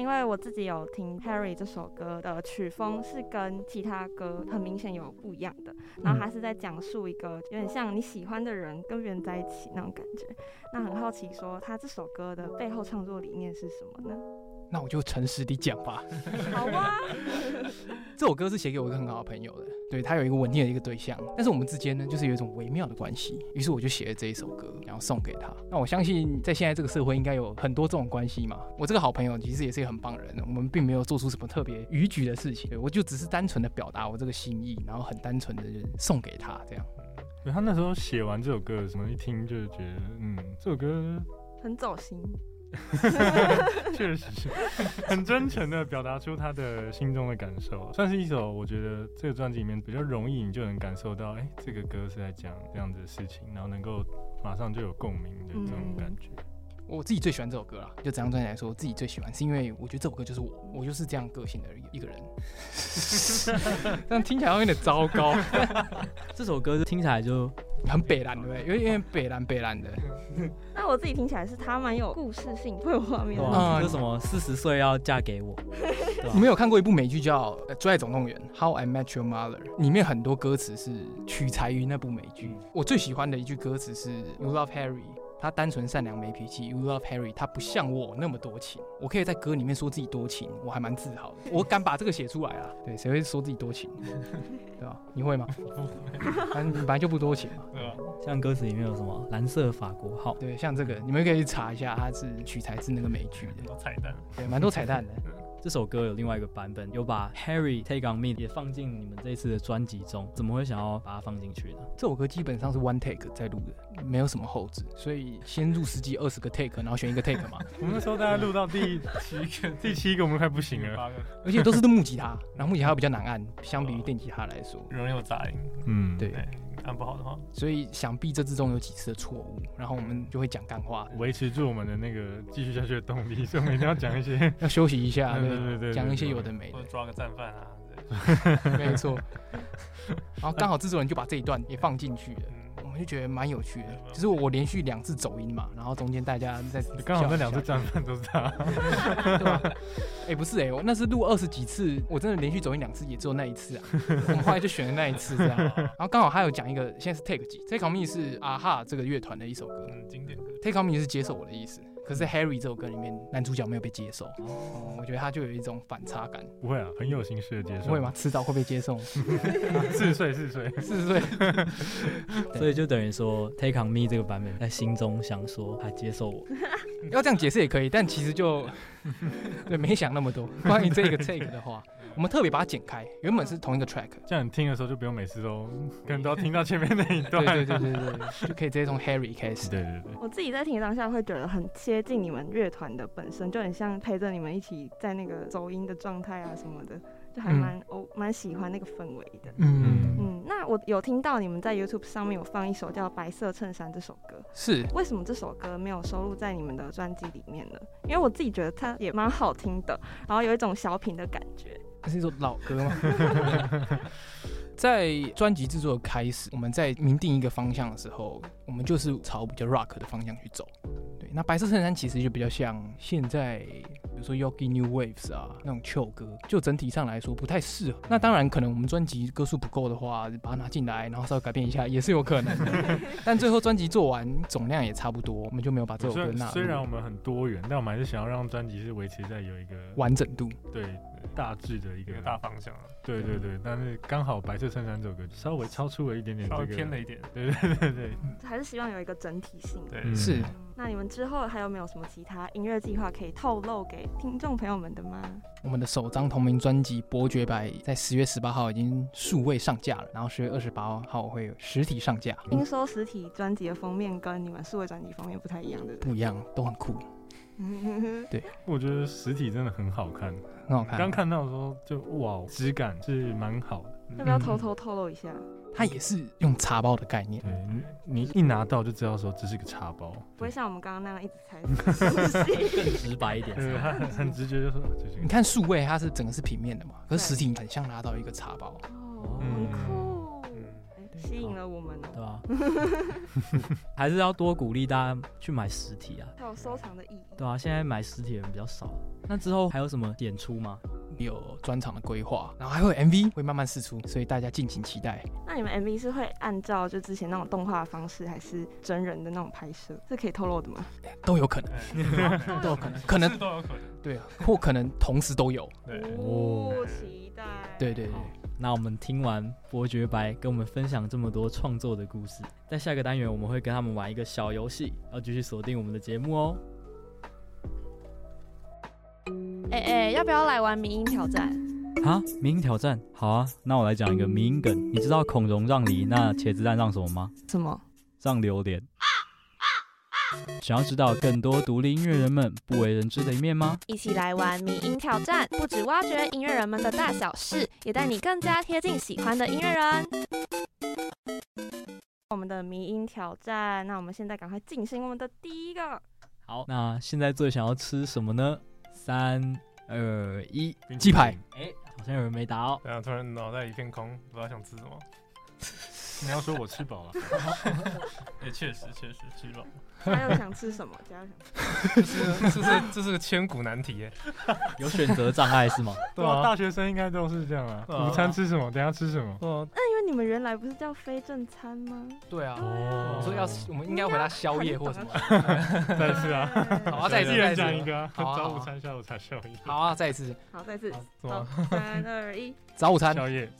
因為我自己有聽《Harry》這首歌的曲風是跟其他歌很明顯有不一樣的，然後他是在講述一個有點像你喜歡的人跟別人在一起那種感覺。那很好奇，說他這首歌的背後創作理念是什麼呢？那我就誠實地講吧，好吧。這首歌是寫給我一個很好的朋友的，對，他有一個穩定的一個對象，但是我們之間呢，就是有一種微妙的關係。於是我就寫了這一首歌，然後送給他。那我相信在現在這個社會應該有很多這種關係嘛。我這個好朋友其實也是一個很棒人，我們並沒有做出什麼特別逾矩的事情。對，我就只是單純的表達我這個心意，然後很單純的送給他這樣。他那時候寫完這首歌，什麼一聽就覺得，嗯，這首歌很走心。確 確實是， 很真誠的表達出他的心中的感受，算是一首我覺得這個專輯裡面比較容易，你就能感受到，哎、欸，這個歌是在講這樣子的事情，然後能夠馬上就有共鳴的這種感覺、嗯。我自己最喜歡這首歌了，就整張專輯來說，我自己最喜歡，是因為我覺得這首歌就是我，我就是這樣個性的一個人。但 聽起來會有點糟糕。 這首歌是聽起來就。很北蘭對不對？因為北蘭北蘭的，那我自己聽起來是它蠻有故事性，會有畫面。嗯，是什麼？四十歲要嫁給我。 你們有看過一部美劇叫《最愛總動員》？How I Met Your Mother？裡面很多歌詞是取材於那部美劇。我最喜歡的一句歌詞是 You Love Harry。他單純善良沒脾氣，You love Harry，他不像我那麼多情。我可以在歌裡面說自己多情，我還蠻自豪的。我敢把這個寫出來啊。 對，誰會說自己多情？ 對吧？你會嗎？反 正本，本來就不多情嘛。對啊，像歌詞裡面有什麼“藍色法國號”？對，像這個，你們可以查一下，他是取材自那個美劇的。很多彩蛋，對，蠻多彩蛋的。 這首歌有另外一個版本，有把 Harry Take on Me 也放進你們這次的專輯中。怎麼會想要把它放進去呢？這首歌基本上是 one take 在錄的，沒有什麼後置，所以先錄十幾二十個 take，然後選一個 take 嘛。 我們那時候大概錄到第七個， 第七個我們快不行了，而且都是木吉他，然後木吉他會比較難按，相比於電吉他來說，容易有雜音。嗯，對。對。按不好的話，所以想必這之中有幾次的錯誤，然後我們就會講幹話，維持住我們的那個繼續下去的動力，所以我們一定要講一些， 要休息一下， 對對不對， 講一些有的沒的，抓個戰犯啊，對 沒錯， 然後剛好制作人就把這一段也放進去了。我就覺得蠻有趣的，就是我連續兩次走音嘛，然後中間大家在剛好那兩次講的都是他， 對吧、啊？哎、欸，不是哎、欸，我那是錄二十幾次，我真的連續走音兩次，也只有那一次啊。 我們後來就選了那一次，這樣。然後剛好他有講一個，現在是 take 幾 take on me 是阿、啊、哈這個樂團的一首歌，嗯、經典歌 take on me 是接受我的意思。可是 Harry 這首歌裡面男主角沒有被接受，哦，嗯，我覺得他就有一種反差感。不會啊，很有形式的接受。不會嗎？遲早會被接受。 四歲，四歲，四 歲。所以就等於說 Take on Me 這個版本在心中想說他接受我。 要這樣解釋也可以，但其實就對沒想那麼多關於這個 take 的話。 我們特別把它剪開，原本是同一個 track，這樣你聽的時候就不用每次都可能都要聽到前面那一段， 對對對，對，對 就可以直接從 Harry 開始。對，對對對，我自己在聽當下會覺得很貼近你們樂團的本身，就很像陪着你們一起在那個走音的狀態啊什麼的，就還蠻哦蠻喜歡那個氛圍的。嗯嗯，那我有聽到你們在 YouTube 上面有放一首叫《白色襯衫》這首歌，是為什麼這首歌沒有收錄在你們的專輯裡面呢？因為我自己覺得它也蠻好聽的，然後有一種小品的感覺。那是一首老歌嗎？ 在專輯制作的開始，我們在明定一個方向的時候，我們就是朝比較 rock 的方向去走。對，那白色襯衫其實就比較像現在，比如說 Yogi New Waves 啊那種 Chill 歌，就整體上來說不太適合、嗯。那當然，可能我們專輯歌數不夠的話，把它拿進來，然後稍微改變一下也是有可能的。 但最後專輯做完總量也差不多，我們就沒有把這首歌。雖然我們很多元，但我們還是想要讓專輯是維持在有一個完整度。對。大致的一個，一個大方向。啊，對對對，對但是剛好《白色襯衫》這首歌稍微超出了一點點，稍微偏了一點，對對對對，還是希望有一個整體性。嗯。對，是。那你們之後還有沒有什麼其他音樂計劃可以透露給聽眾朋友們的嗎？我們的首張同名專輯《伯爵白》在十月十八號已經數位上架了，然後十月二十八號會實體上架。嗯，聽說實體專輯的封面跟你們數位專輯封面不太一樣的。不一樣，都很酷。對，我覺得實體真的很好看，很好看。剛看到的時候就哇，質感是蠻好的。要不要偷偷透露一下？它、嗯、也是用茶包的概念，對，你，你一拿到就知道說這是個茶包，不會像我們剛剛那樣一直猜數字。 對不起。 更直白一點，它很很直覺就，就 是你看數位，它是整個是平面的嘛，可是實體很像拿到一個茶包。哦。吸引了我們、喔哦、對吧、啊？ 還是要多鼓勵大家去買實體啊，有收藏的意義。對啊，現在買實體的人比較少。那之後還有什麼演出嗎？有專場的規劃，然後還有 MV 會慢慢釋出，所以大家敬請期待。那你們 MV 是會按照就之前那種動畫的方式，還是真人的那種拍攝？是可以透露的嗎？都有可能， 都有可能，可能都有可能，對啊，或可能同時都有。對哦，期待。對對對。那我們聽完伯爵白跟我們分享這麼多創作的故事，在下個單元我們會跟他們玩一個小遊戲，要繼續鎖定我們的節目哦。哎哎，要不要來玩迷因挑戰？啊，迷因挑戰，好啊！那我來講一個迷因梗，你知道孔融讓梨，那茄子蛋讓什麼嗎？什麼？讓榴蓮想要知道更多獨立音樂人們不為人知的一面嗎？一起來玩迷音挑戰，不只挖掘音樂人們的大小事，也帶你更加貼近喜歡的音樂人。我們的迷音挑戰，那我們現在趕快進行我們的第一個。好，那現在最想要吃什麼呢？三二一，雞排。哎、欸，好像有人沒打哦。啊、突然腦袋一片空，不知道想吃什麼。你要說我吃飽了，也 確、欸、實確實，確實吃飽。還要想吃什麼？等下想吃。這、 就是這、就是個、就是就是、千古難題耶， 有選擇障礙是嗎？對啊。大學生應該都是這樣啊。午餐吃什麼？等下吃什麼？那、啊啊啊嗯、因為你們原來不是叫非正餐嗎？對啊。哦、oh.。我說要，我們應該要回他宵夜或者什麼。再一次一一啊，好啊，好啊一。好啊，再一次。再一次。好，早午餐、下午茶、宵夜。好啊，再一次。好，再一次。好。三二一。早午餐。宵夜。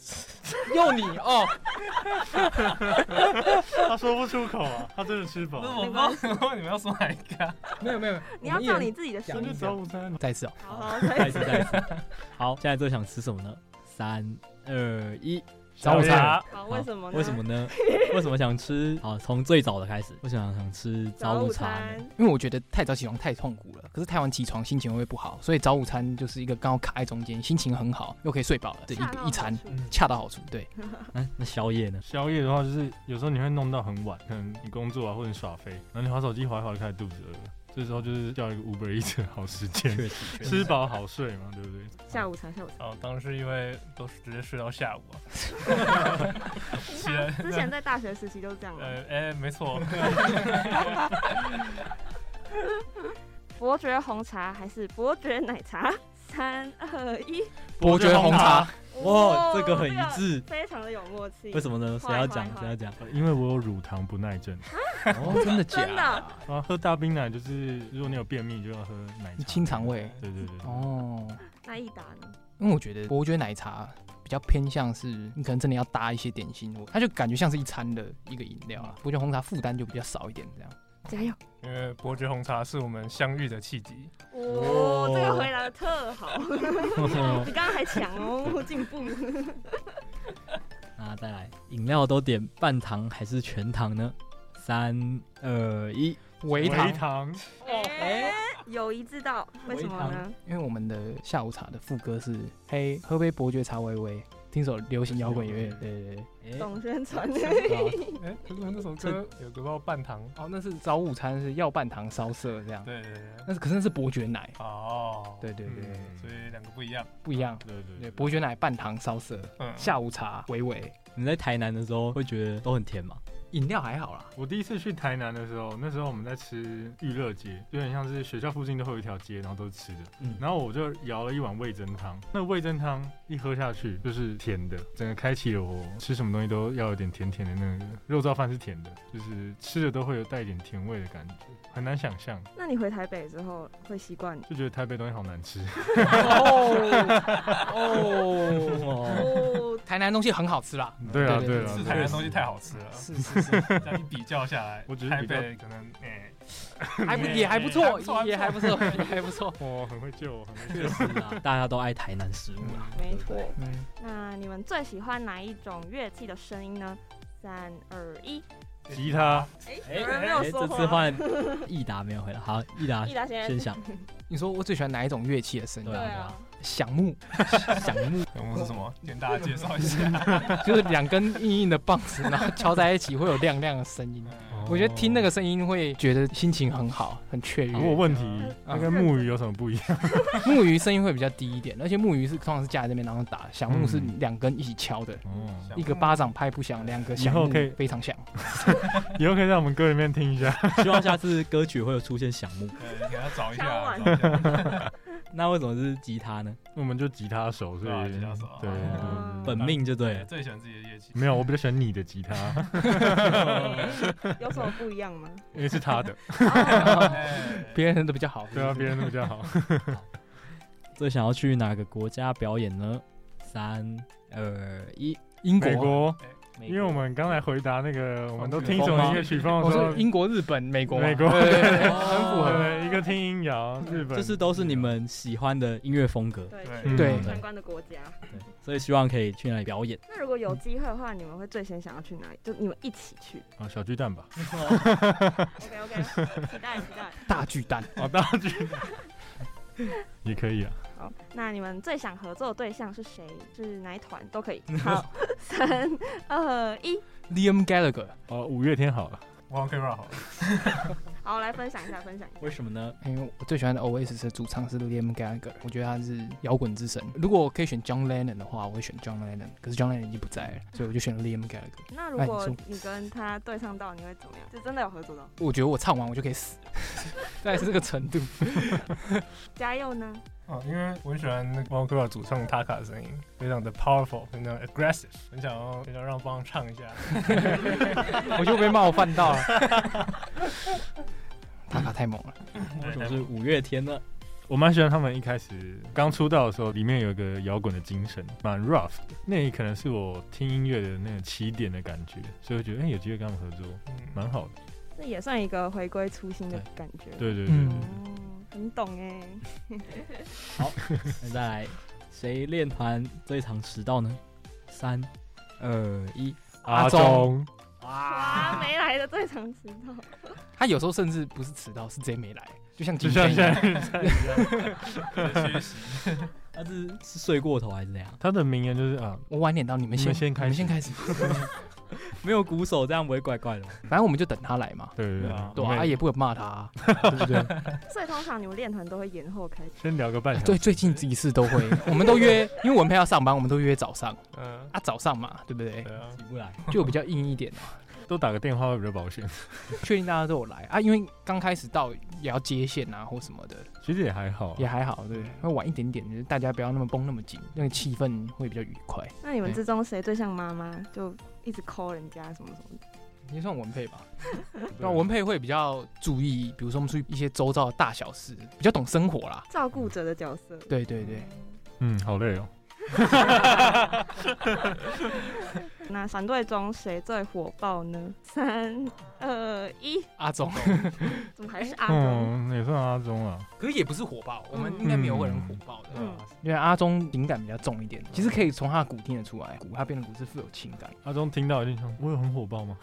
又你哦。 他說不出口啊，他就是啊是，他真的吃飽。你們要送哪個？沒有沒有，你要照你自己的想。 再去找午餐。再一次，好，再一次，再一次。好，現在最想吃什麼呢？三二一。早午餐，好，為什麼？為什麼呢？ 為什麼想吃？好，從最早的開始，為什麼想吃早午餐？因為我覺得太早起床太痛苦了，可是太晚起床心情會不，會不好，所以早午餐就是一個剛好卡在中間，心情很好又可以睡飽了的一一餐，恰到好處。好處對 、啊，那宵夜呢？宵夜的話，就是有時候你會弄到很晚，可能你工作啊，或者你耍廢，然後你滑手機滑一滑，開始肚子餓了。這時候就是叫一個 Uber Eats 好時間， 吃飽好睡嘛，對不對？下午茶，下午茶。哦，當時因為都是直接睡到下午啊。 你看 之前在大學時期都是這樣。呃，哎、欸，沒錯。 伯爵紅茶還是伯爵奶茶？三二一，伯爵紅茶。哇，這個很一致，非常的有默契。為什麼呢？誰要講誰要講？因為我有乳糖不耐症，啊。 哦，真的假的？啊，喝大冰奶就是，如果你有便秘，就要喝奶茶清腸胃。對對對。哦，那奕達呢？因為我覺得，伯爵奶茶比較偏向是，你可能真的要搭一些點心，它就感覺像是一餐的一個飲料啊。伯爵紅茶負擔就比較少一點，這樣。加油！因為伯爵紅茶是我們相遇的契機。哦，這個回答的特好，比剛剛還強哦，進步。 那再來，飲料都點半糖還是全糖呢？三二一，微糖。哎，友誼之道，為什麼呢？因為我們的下午茶的副歌是“嘿，喝杯伯爵茶，微微”。聽首流行搖滾樂，對對對，對，總宣傳。哎，可是我那首歌有個叫半糖，哦，那是早午餐是要半糖燒色這樣，對對對，對，那是可是那是伯爵奶，哦，對對對，對、嗯，所以兩個不一樣，不一樣，嗯、對對對，對，對，伯爵奶半糖燒色，嗯，下午茶尾尾，你在台南的時候會覺得都很甜嗎？飲料還好啦。我第一次去台南的時候，那時候我們在吃育樂街，就有點像是學校附近都會有一條街，然後都是吃的。嗯、然後我就舀了一碗味噌湯，那味噌湯一喝下去就是甜的，整個開啟了我吃什麼東西都要有點甜甜的那個。肉燥飯是甜的，就是吃的都會有帶一點甜味的感覺，很難想象那你回台北之後會習慣，就覺得台北東西好難吃。 oh. Oh. Oh. Oh. Oh. 台南東西很好吃啦，對啊對啊，啊啊啊啊啊、是台南東西太好吃了，是是、啊、是，是，是，這樣一比較下來，我覺得台北可能哎， 欸欸欸、還不也還不，錯還不錯，也還不錯，還不錯， 我很會救，我，很會救 大家都愛台南食物啊、嗯，沒錯，那你們最喜歡哪一種樂器的聲音呢？三二一，吉他， 哎哎哎，欸欸這次換奕達沒有回答、欸，好， 奕達，奕達先想，你說我最喜歡哪一種樂器的聲音？啊響響木，響木，木是什麼？跟大家介紹一下， 就是兩根硬硬的棒子，然後敲在一起會有亮亮的聲音。哦，我覺得聽那個聲音會覺得心情很好，很雀躍。不、啊、過問題，那、啊、跟木魚有什麼不一樣？啊啊、木魚聲音會比較低一點，而且木魚是通常是架在這邊然後打，響木、嗯、是兩根一起敲的嗯。嗯，一個巴掌拍不響，兩個響木非常響。以後可以在我們歌裡面聽一下，希望下次歌曲會有出現響木。嗯，給他找一下、啊。 那為什麼是吉他呢？那我們就吉他手，所以、啊、吉他手、啊，對，對、嗯，本命就對，了對，最喜歡自己的樂器。沒有，我比較喜歡你的吉他， 對 有什麼不一樣嗎？因為是他的，別、 哦、 人的比、啊、比較好。對啊，別人的比較好。最想要去哪個國家表演呢？三二一，英國。因為我們剛才回答那個，我們都聽什麼音樂曲風,對對對曲風？我說英國、日本、美國，美國很符合。一個聽音謠，日本這是都是你們喜歡的音樂風格。對對，參觀的國家，所以希望可以去哪裡表演？那如果有機會的話，你們會最先想要去哪裡？就你們一起去啊？小巨蛋吧。 OK，我、okay, 開期待，期待。 大巨蛋哦、啊，大巨蛋。 也可以啊。那你們最想合作的對象是誰？是哪一團都可以。好， 三二一，Liam Gallagher。哦，五月天好了，我 n e r 好了。 好，來分享一下，分享一下。為什麼呢？因為我最喜歡的 Oasis 的主唱是 Liam Gallagher，我覺得他是搖滾之神。如果我可以選 John Lennon 的話，我會選 John Lennon。可是 John Lennon 已經不在了，所以我就選 Liam Gallagher。 那如果、哎、你，你跟他對唱到，你會怎麼樣？就真的有合作到？我覺得我唱完我就可以死，大 概是這個程度。佳 祐呢？哦、因為我很喜歡那個 m o 主唱 Taka 的聲音，非常的 powerful，非常 aggressive，很想要，非常讓幫唱一下。 我就被冒犯到了、啊、，Taka 太猛了。為什麼是五月天呢？了我蠻喜歡他們一開始剛出道的時候，裡面有一個搖滾的精神，蠻 rough 的。那也可能是我聽音樂的那個起點的感覺，所以我覺得哎、欸，有機會跟他們合作，蠻、嗯、好的。這也算一個回歸初心的感覺。對對對，對，對對，嗯嗯。很懂哎、欸， 好，那再來誰練團最常遲到呢？三、二、一，阿鍾哇沒來的最常遲到。 他有時候甚至不是遲到，是直接沒來，就像今天 確 他是，是睡過頭還是怎樣？他的名言就是啊，我晚點到你，你們先先開先開始。 沒有鼓手，這樣不會怪怪的。反正我們就等他來嘛。對,對啊，對啊，也不會罵他、啊， 對不對？所以通常你們練團都會延後開始，先聊個半、欸。對，最近幾次都會， 我們都約， 因為文沛要上班，我們都約早上。嗯， 啊，早上嘛，對不對？起不來就比較硬一點嘛、啊。 都打個電話會比較保險，確 定大家都有來啊。因為剛開始到也要接線啊，或什麼的。其實也還好、啊，也還好，對。會晚一點點，就是大家不要那麼繃那麼緊，那個氣氛會比較愉快。那你們之中誰最像媽媽？就一直 call 人家什麼什麼的，你算文沛吧。那 文沛會比較注意，比如說我們出去一些周遭的大小事，比較懂生活啦，照顧者的角色。對對對，嗯，好累哦。 那團隊中誰最火爆呢？三。呃，一阿鍾， 怎麼還是阿鍾？嗯。也算阿鍾啊。可是也不是火爆，我們應該沒有人火爆的。因、嗯、為、嗯、阿鍾情感比較重一點。嗯、其實可以從他的鼓聽得出來，鼓他編的鼓是富有情感。阿鍾聽到一定說：“我有很火爆嗎？”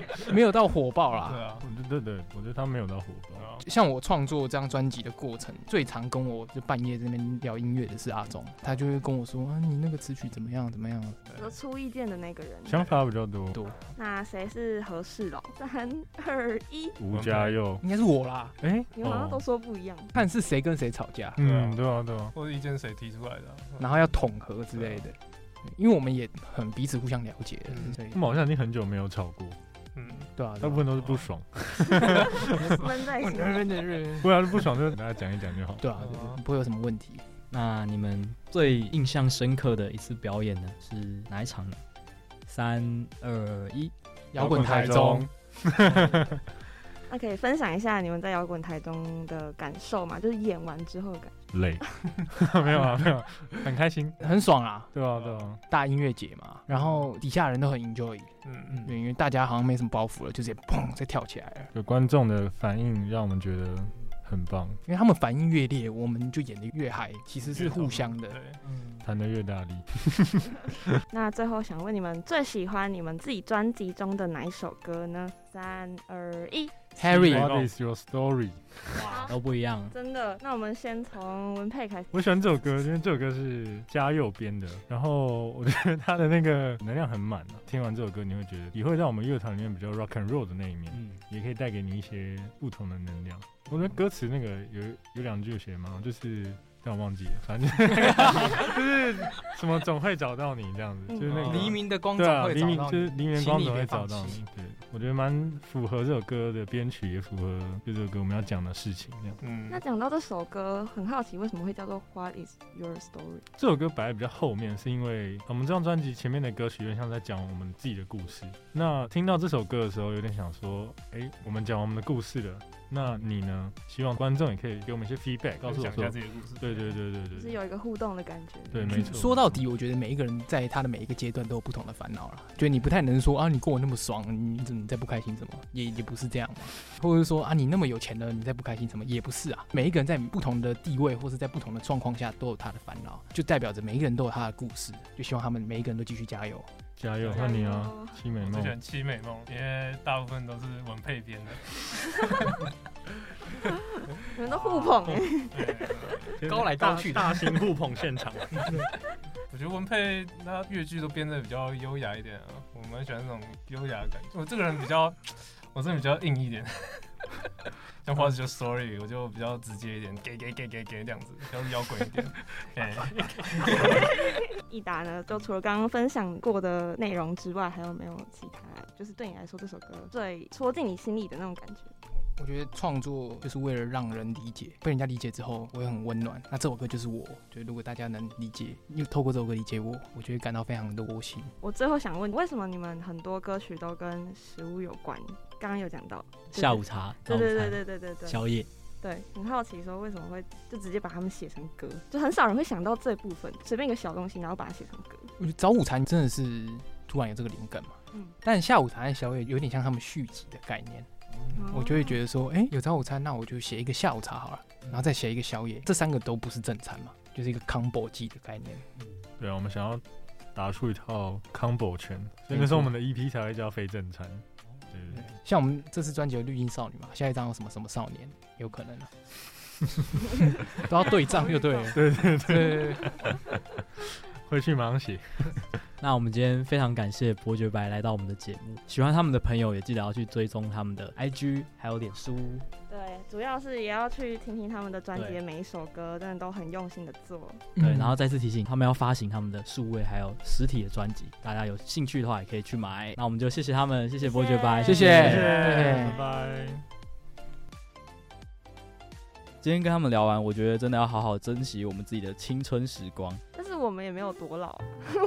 沒有到火爆啦。對啊，對對，我覺得他沒有到火爆。像我創作這張專輯的過程，最常跟我就半夜這邊聊音樂的是阿鍾，嗯，他就會跟我說：“啊，你那個詞曲怎麼樣？怎麼樣？”提出意見的那個人，想法比較多。多，那誰是合？是了，三二一，吳佳祐應該是我啦。哎、欸，你們好像都說不一樣，哦、看是誰跟誰吵架。嗯，對啊，對啊，或者意見誰提出來的、啊嗯，然後要統合之類的、啊，因為我們也很彼此互相了解。嗯，對，我們好像已經很久沒有吵過。嗯，對啊，對啊，對啊，大部分都是不爽。悶哈哈哈哈。在一起，不然是不爽， 就大家講一講就好。對啊，對啊 不會有什麼問題。 那你們最印象深刻的一次表演呢，是哪一場呢？ 三二一。搖滾台中，那可以分享一下你們在搖滾台中的感受嘛？就是演完之後感覺， 累， 沒有啊，沒有，很開心， 很爽啊，對啊對啊，大音樂節嘛，然後底下人都很 enjoy，嗯嗯，對，因為大家好像沒什麼包袱了，就直接砰，再跳起來了。有觀眾的反應，讓我們覺得。很棒，因為他們反應越烈，我們就演得越嗨，其實是互相的，彈、嗯、得越大力。 那最後想問你們，最喜歡你們自己專輯中的哪一首歌呢？三二一，Harry，What is your story？ 都不一樣，真的。那我們先從文沛開始。我喜歡這首歌，因為這首歌是佳祐編的，然後我覺得他的那個能量很滿啊，聽完這首歌，你會覺得也會在我們樂團裡面比較 rock and roll 的那一面，嗯，也可以帶給你一些不同的能量。我覺得歌詞那個有有兩句寫嘛，就是。我忘記了，反正就是、 就是、什麼總會找到你這樣子，嗯、就是那個、黎明的光總會找到你，啊、就是黎明的光總會找到你。你對，我覺得蠻符合這首歌的編曲，也符合就這首歌我們要講的事情這樣。嗯，那講到這首歌，很好奇為什麼會叫做 What Is Your Story？這首歌擺在比較後面，是因為我們這張專輯前面的歌曲有點像在講我們自己的故事。那聽到這首歌的時候，有點想說，哎、欸，我們講我們的故事了。那你呢？希望觀眾也可以給我們一些 feedback，告訴我們這些故事。對對對對，是有一個互動的感覺。對，沒錯。說到底，我覺得每一個人在他的每一個階段都有不同的煩惱啦。就你不太能說啊，你過得那麼爽，你怎麼在不開心？怎麼也也不是這樣嘛。或者說啊，你那麼有錢了，你在不開心？什麼也不是啊。每一個人在不同的地位或是在不同的狀況下都有他的煩惱，就代表着每一個人都有他的故事。就希望他們每一個人都繼續加油。加油，那你啊？嗯、七美。我最喜歡淒美夢，因為大部分都是文沛編的。你 們 都互捧。對對對對，高來高去，大，大型互捧現場。 我覺得文沛那樂劇都編得比較優雅一點啊，我們喜歡那種優雅的感覺。我這個人比較，我這比較硬一點。 像話就 sorry，我就比較直接一點，給給給給給這樣子，要搖滾一點。奕 達 呢，就除了剛剛分享過的內容之外，還有沒有其他？就是對你來說，這首歌最戳進你心裡的那種感覺？我覺得創作就是為了讓人理解，被人家理解之後我也很溫暖。那這首歌就是我，我，就如果大家能理解，又透過這首歌理解我，我覺得感到非常的窩心。我最後想問，為什麼你們很多歌曲都跟食物有關？剛剛有講到對對對對對對對對下午茶，對對對對宵夜，對，很好奇說為什麼會就直接把他們寫成歌，就很少人會想到這部分，隨便一個小東西然後把它寫成歌。我覺得早午餐真的是突然有這個靈感嘛，嗯，但下午茶和宵夜有點像他們續集的概念。我就會覺得說，哎、欸，有早午餐，那我就寫一個下午茶好了，然後再寫一個宵夜，這三個都不是正餐嘛，就是一個 combo 記的概念。對啊，我們想要打出一套 combo 拳，那個時候我們的 EP 才會叫非正餐，對對對。像我們這次專輯有綠茵少女嘛，下一張有什麼什麼少年，有可能呢、啊？ 都要對仗。就對了， 對，對對對對。 回去忙上寫。那我們今天非常感謝伯爵白來到我們的節目，喜歡他們的朋友也記得要去追蹤他們的 IG 還有臉書。對，主要是也要去聽聽他們的專輯，每一首歌真的都很用心的做。對，然後再次提醒他們要發行他們的數位還有實體的專輯，大家有興趣的話也可以去買。那我們就謝謝他們，謝謝伯爵白，謝謝，拜拜。謝謝 Okay. 今天跟他們聊完，我覺得真的要好好珍惜我們自己的青春時光。但是我們也沒有多老，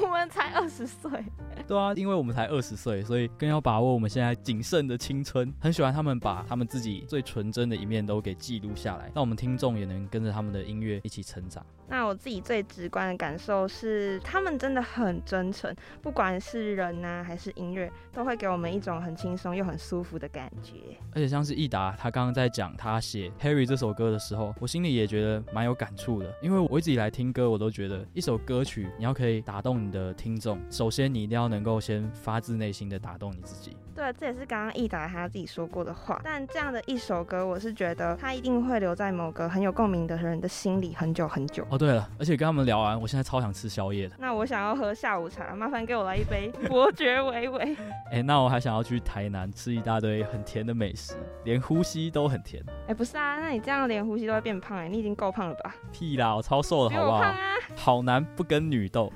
我們才二十歲。對啊，因為我們才二十歲，所以更要把握我們現在僅剩的青春。很喜歡他們把他們自己最純真的一面都給記錄下來，讓我們聽眾也能跟着他們的音樂一起成長。那我自己最直觀的感受是，他們真的很真誠，不管是人吶還是音樂，都會給我們一種很輕鬆又很舒服的感覺。而且像是奕達，他剛剛在講他寫《Harry》這首歌的。時候，我心裡也覺得蠻有感觸的，因為我一直以來聽歌，我都覺得一首歌曲你要可以打動你的聽眾，首先你一定要能夠先發自內心的打動你自己。對，這也是剛剛奕達他自己說過的話。但這樣的一首歌，我是覺得他一定會留在某個很有共鳴的人的心裡很久很久。哦，對了，而且跟他們聊完，我現在超想吃宵夜的。那我想要喝下午茶，麻煩給我來一杯伯爵威威。哎、 欸，那我還想要去台南吃一大堆很甜的美食，連呼吸都很甜。哎、欸，不是啊，那你這樣連。呼吸都會變胖。哎、欸，你已經夠胖了吧？屁啦，我超瘦的，啊、好不好？好男不跟女鬥。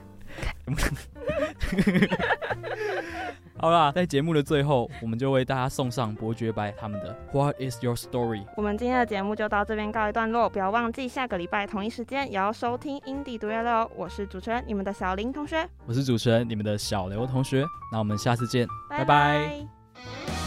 好啦，在節目的最後，我們就為大家送上伯爵白他們的 What is your story？我們今天的節目就到這邊告一段落，不要忘記下個禮拜同一時間也要收聽《Indie 獨樂樂》哦。我是主持人，你們的小林同學。我是主持人，你們的小劉同學。那我們下次見，bye bye 拜拜。